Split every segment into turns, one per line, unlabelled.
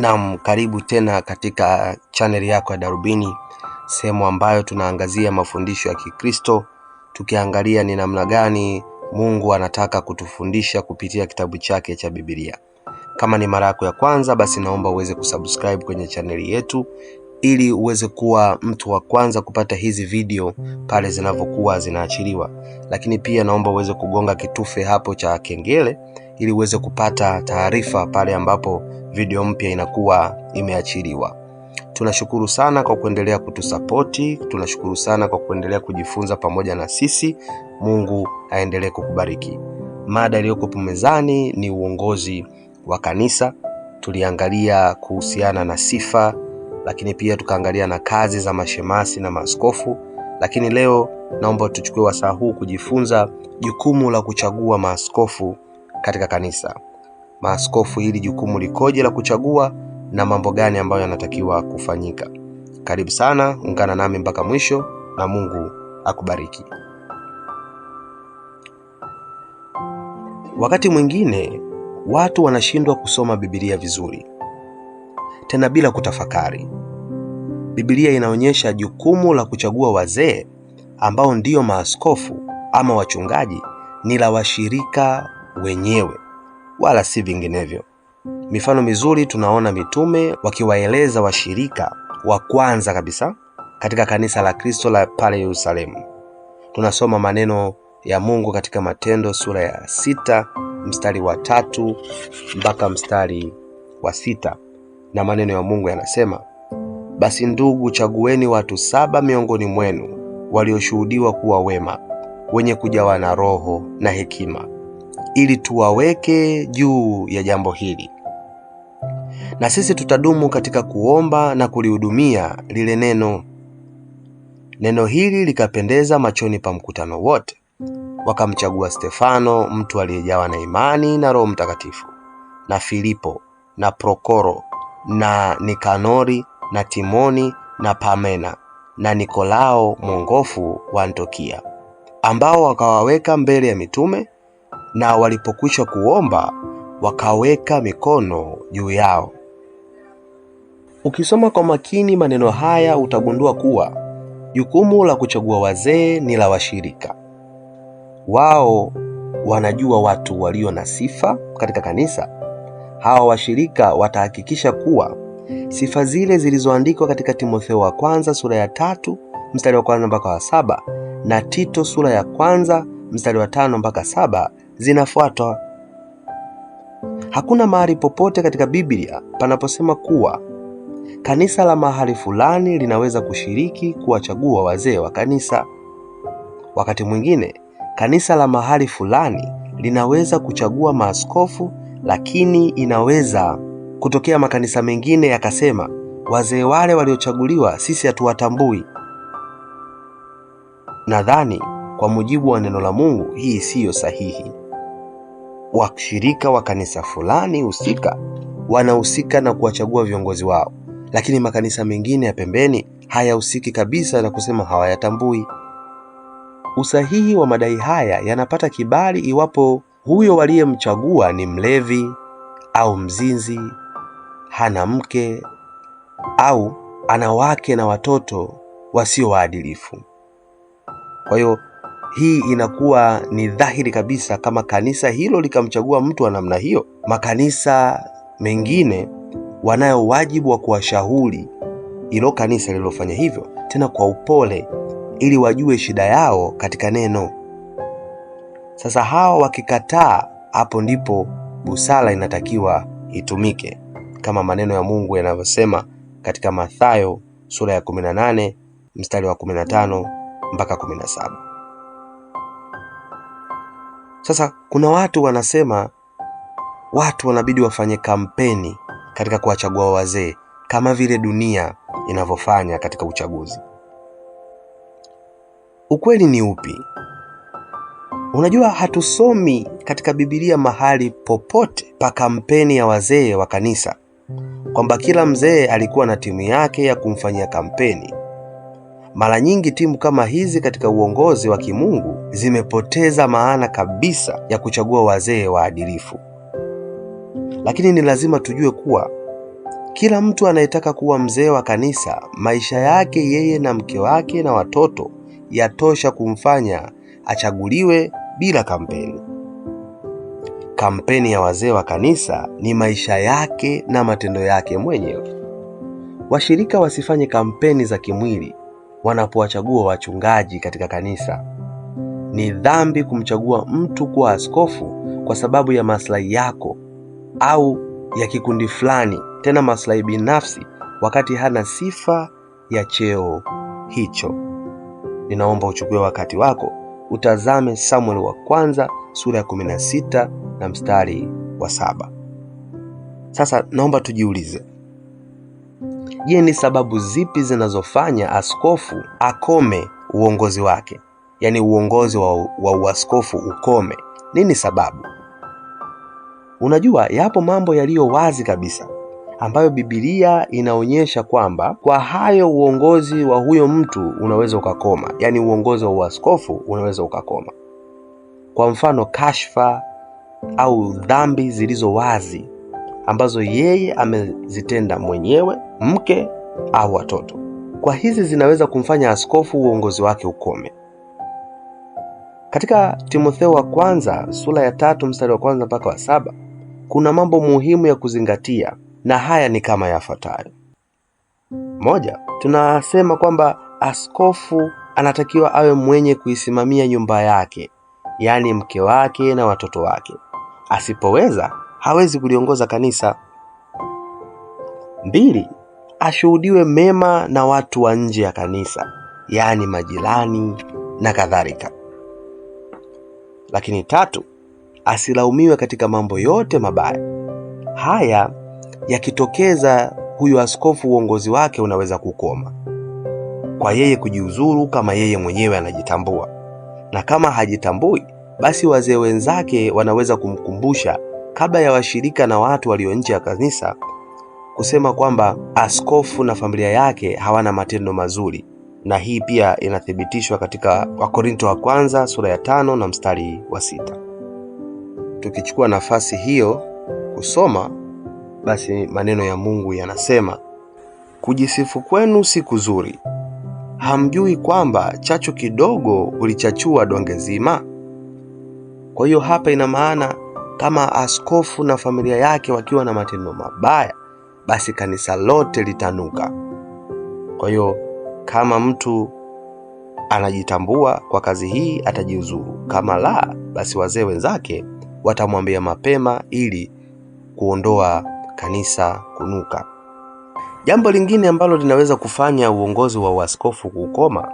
Naam, karibu tena katika channel yako ya Darubini, sehemu ambayo tunaangazia mafundisho ya Kikristo, tukiangalia ni namna gani Mungu anataka kutufundisha kupitia kitabu chake cha Biblia. Kama ni mara yako ya kwanza, basi naomba uweze kusubscribe kwenye chaneli yetu ili uweze kuwa mtu wa kwanza kupata hizi video pale zinavyokuwa zinaachiliwa, lakini pia naomba uweze kugonga kitufe hapo cha kengele ili uweze kupata taarifa pale ambapo video mpya inakuwa imeachiliwa. Tunashukuru sana kwa kuendelea kutusapoti, tunashukuru sana kwa kuendelea kujifunza pamoja na sisi. Mungu aendelee kukubariki. Mada iliyoko mezani ni uongozi wa kanisa. Tuliangalia kuhusiana na sifa, lakini pia tukaangalia na kazi za mashemasi na maaskofu, lakini leo naomba tuchukue wasaa huu kujifunza jukumu la kuchagua maaskofu katika kanisa. Maaskofu, hili jukumu likoje la kuchagua na mambo gani ambayo yanatakiwa kufanyika? Karibu sana, ungana nami mpaka mwisho na Mungu akubariki.
Wakati mwingine watu wanashindwa kusoma Biblia vizuri, tena bila kutafakari. Biblia inaonyesha jukumu la kuchagua wazee ambao ndiyo maaskofu ama wachungaji ni la washirika wenyewe wala si vinginevyo. Mifano mizuri tunaona mitume wakiwaeleza washirika wa kwanza kabisa katika kanisa la Kristo la pale Yerusalemu. Tunasoma maneno ya Mungu katika Matendo sura ya sita mstari wa tatu mpaka mstari wa sita na maneno ya Mungu yanasema, basi ndugu, chagueni watu saba miongoni mwenu walioshuhudiwa kuwa wema, wenye kujawa na roho na hekima ili tuwaweke juu ya jambo hili, na sisi tutadumu katika kuomba na kulihudumia lile neno. Neno hili likapendeza machoni pa mkutano wote, wakamchagua Stefano, mtu aliyejawa na imani na Roho Mtakatifu, na Filipo na Prokoro na Nikanori na Timoni na Pamena na Nikolao mwongofu wa Antiokia, ambao wakawaweka mbele ya mitume na walipokwisha kuomba wakaweka mikono juu yao. Ukisoma kwa makini maneno haya utagundua kuwa jukumu la kuchagua wazee ni la washirika. Wao wanajua watu walio na sifa katika kanisa. Hawa washirika watahakikisha kuwa sifa zile zilizoandikwa katika Timotheo wa kwanza sura ya tatu mstari wa kwanza mpaka wa saba na Tito sura ya kwanza mstari wa tano mpaka saba zinafuatwa. Hakuna mahali popote katika Biblia panaposema kuwa kanisa la mahali fulani linaweza kushiriki kuwachagua wazee wa kanisa. Wakati mwingine kanisa la mahali fulani linaweza kuchagua maaskofu, lakini inaweza kutokea makanisa mengine yakasema wazee wale waliochaguliwa sisi hatuwatambui. Nadhani kwa mujibu wa neno la Mungu hii siyo sahihi washirika wa kanisa fulani husika wanahusika na kuwachagua viongozi wao, lakini makanisa mengine ya pembeni hayahusiki kabisa na kusema hawayatambui. Usahihi wa madai haya yanapata kibali iwapo huyo waliyemchagua ni mlevi au mzinzi, hana mke au ana wake na watoto wasio waadilifu. Kwa hiyo hii inakuwa ni dhahiri kabisa kama kanisa hilo likamchagua mtu wa namna hiyo. Makanisa mengine wanayo wajibu wa kuwashauri ilo kanisa lililofanya hivyo, tena kwa upole, ili wajue shida yao katika neno. Sasa hawa wakikataa, hapo ndipo busara inatakiwa itumike, kama maneno ya Mungu yanavyosema katika Mathayo sura ya 18 mstari wa 15 mpaka 17. Sasa kuna watu wanasema watu wanabidi wafanye kampeni katika kuwachagua wazee kama vile dunia inavyofanya katika uchaguzi. Ukweli ni upi? Unajua, hatusomi katika Biblia mahali popote pa kampeni ya wazee wa kanisa kwamba kila mzee alikuwa na timu yake ya kumfanyia kampeni. Mara nyingi timu kama hizi katika uongozi wa kimungu zimepoteza maana kabisa ya kuchagua wazee waadilifu. Lakini ni lazima tujue kuwa kila mtu anayetaka kuwa mzee wa kanisa, maisha yake yeye na mke wake na watoto yatosha kumfanya achaguliwe bila kampeni. Kampeni ya wazee wa kanisa ni maisha yake na matendo yake mwenyewe. Washirika wasifanye kampeni za kimwili wanapowachagua wachungaji katika kanisa. Ni dhambi kumchagua mtu kuwa askofu kwa sababu ya maslahi yako au ya kikundi fulani, tena maslahi binafsi, wakati hana sifa ya cheo hicho. Ninaomba uchukue wakati wako utazame Samueli wa kwanza sura ya 16 na mstari wa saba. Sasa naomba tujiulize, Je, ni sababu zipi zinazofanya askofu akome uongozi wake, yaani uongozi wa, wa uaskofu ukome? Nini sababu? Unajua, yapo mambo yaliyo wazi kabisa ambayo Biblia inaonyesha kwamba kwa hayo uongozi wa huyo mtu unaweza ukakoma, yaani uongozi wa uaskofu unaweza ukakoma. Kwa mfano, kashfa au dhambi zilizo wazi ambazo yeye amezitenda mwenyewe, mke au watoto. Kwa hizi zinaweza kumfanya askofu uongozi wake ukome. Katika Timotheo wa kwanza sura ya tatu mstari wa kwanza mpaka wa saba kuna mambo muhimu ya kuzingatia na haya ni kama yafuatayo. Moja, tunasema kwamba askofu anatakiwa awe mwenye kuisimamia nyumba yake, yaani mke wake na watoto wake. Asipoweza hawezi kuliongoza kanisa. Mbili, ashuhudiwe mema na watu wa nje ya kanisa, yaani majirani na kadhalika. Lakini tatu, asilaumiwe katika mambo yote mabaya. Haya yakitokeza, huyu askofu uongozi wake unaweza kukoma kwa yeye kujiuzuru kama yeye mwenyewe anajitambua, na kama hajitambui basi wazee wenzake wanaweza kumkumbusha kabla ya washirika na watu walio nje ya kanisa kusema kwamba askofu na familia yake hawana matendo mazuri, na hii pia inathibitishwa katika Wakorinto wa kwanza sura ya tano na mstari wa sita. Tukichukua nafasi hiyo kusoma basi, maneno ya Mungu yanasema, kujisifu kwenu si kuzuri. Hamjui kwamba chachu kidogo ulichachua donge zima? Kwa hiyo hapa ina maana kama askofu na familia yake wakiwa na matendo mabaya, basi kanisa lote litanuka. Kwa hiyo kama mtu anajitambua kwa kazi hii atajiuzuru, kama la, basi wazee wenzake watamwambia mapema ili kuondoa kanisa kunuka. Jambo lingine ambalo linaweza kufanya uongozi wa uaskofu kukoma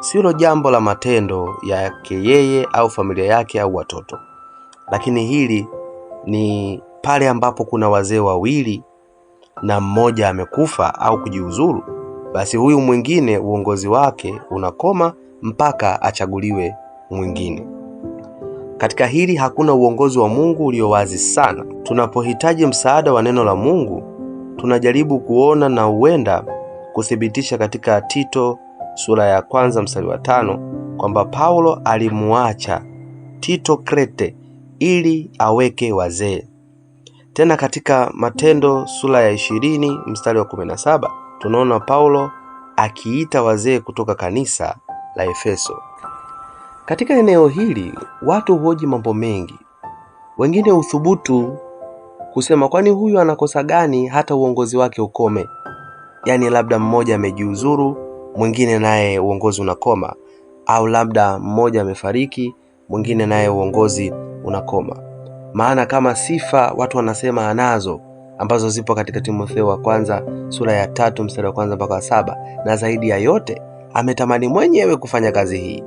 silo jambo la matendo yake yeye au familia yake au watoto, lakini hili ni pale ambapo kuna wazee wawili na mmoja amekufa au kujiuzuru, basi huyu mwingine uongozi wake unakoma mpaka achaguliwe mwingine. Katika hili hakuna uongozi wa Mungu ulio wazi sana. Tunapohitaji msaada wa neno la Mungu, tunajaribu kuona na huenda kuthibitisha katika Tito sura ya kwanza mstari wa tano kwamba Paulo alimuacha Tito Krete ili aweke wazee. Tena katika Matendo sura ya ishirini mstari wa kumi na saba tunaona Paulo akiita wazee kutoka kanisa la Efeso. Katika eneo hili watu huoji mambo mengi, wengine huthubutu kusema kwani huyu anakosa gani hata uongozi wake ukome? Yaani labda mmoja amejiuzuru, mwingine naye uongozi unakoma, au labda mmoja amefariki, mwingine naye uongozi unakoma. Maana kama sifa watu wanasema anazo ambazo zipo katika Timotheo wa kwanza sura ya tatu mstari wa kwanza mpaka wa saba na zaidi ya yote ametamani mwenyewe kufanya kazi hii.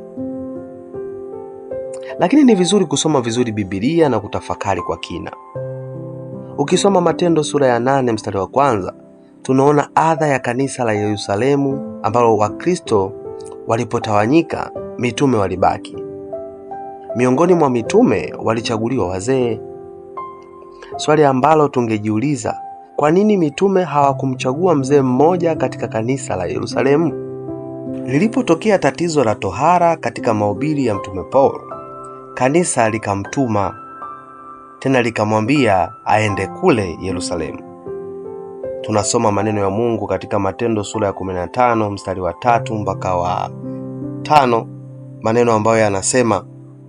Lakini ni vizuri kusoma vizuri Biblia na kutafakari kwa kina. Ukisoma Matendo sura ya nane mstari wa kwanza tunaona adha ya kanisa la Yerusalemu ambalo Wakristo walipotawanyika mitume walibaki. Miongoni mwa mitume walichaguliwa wazee, swali ambalo tungejiuliza kwa nini mitume hawakumchagua mzee mmoja katika kanisa la Yerusalemu? Lilipotokea tatizo la tohara katika mahubiri ya mtume Paulo, kanisa likamtuma tena likamwambia aende kule Yerusalemu. Tunasoma maneno ya Mungu katika Matendo sura ya 15 mstari wa tatu mpaka wa tano, maneno ambayo yanasema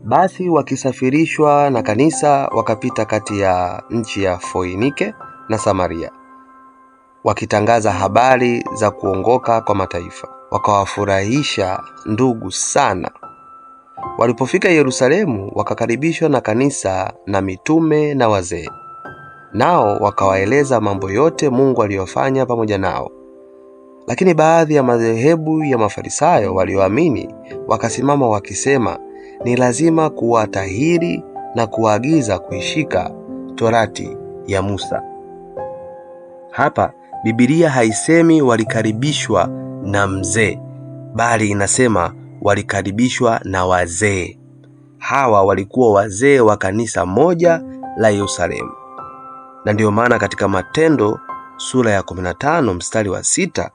basi wakisafirishwa na kanisa wakapita kati ya nchi ya Foinike na Samaria, wakitangaza habari za kuongoka kwa mataifa, wakawafurahisha ndugu sana. Walipofika Yerusalemu, wakakaribishwa na kanisa na mitume na wazee, nao wakawaeleza mambo yote Mungu aliyofanya pamoja nao. Lakini baadhi ya madhehebu ya Mafarisayo walioamini wakasimama wakisema ni lazima kuwatahiri na kuwaagiza kuishika torati ya Musa. Hapa Biblia haisemi walikaribishwa na mzee, bali inasema walikaribishwa na wazee. Hawa walikuwa wazee wa kanisa moja la Yerusalemu, na ndiyo maana katika Matendo sura ya 15 mstari wa sita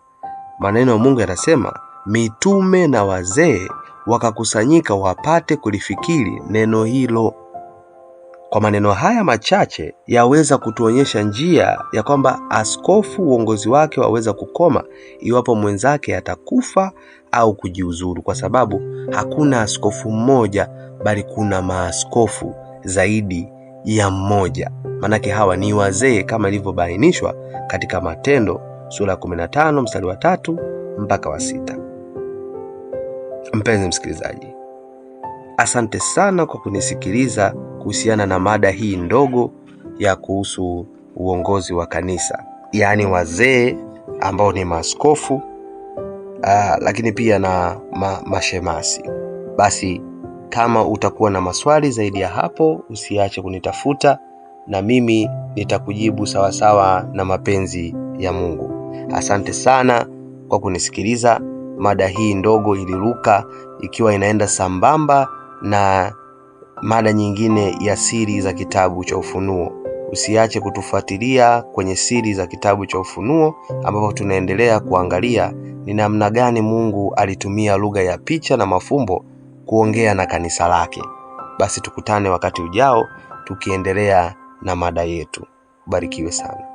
maneno ya Mungu yanasema mitume na wazee wakakusanyika wapate kulifikiri neno hilo. Kwa maneno haya machache yaweza kutuonyesha njia ya kwamba askofu uongozi wake waweza kukoma iwapo mwenzake atakufa au kujiuzuru, kwa sababu hakuna askofu mmoja, bali kuna maaskofu zaidi ya mmoja. Maanake hawa ni wazee kama ilivyobainishwa katika Matendo sura ya 15 mstari wa tatu mpaka wa sita. Mpenzi msikilizaji, asante sana kwa kunisikiliza kuhusiana na mada hii ndogo ya kuhusu uongozi wa kanisa, yaani wazee ambao ni maaskofu aa, ah, lakini pia na ma, mashemasi. Basi kama utakuwa na maswali zaidi ya hapo, usiache kunitafuta na mimi nitakujibu sawasawa na mapenzi ya Mungu. Asante sana kwa kunisikiliza mada hii ndogo iliruka ikiwa inaenda sambamba na mada nyingine ya siri za kitabu cha Ufunuo. Usiache kutufuatilia kwenye siri za kitabu cha Ufunuo ambapo tunaendelea kuangalia ni namna gani Mungu alitumia lugha ya picha na mafumbo kuongea na kanisa lake. Basi tukutane wakati ujao tukiendelea na mada yetu. Ubarikiwe sana.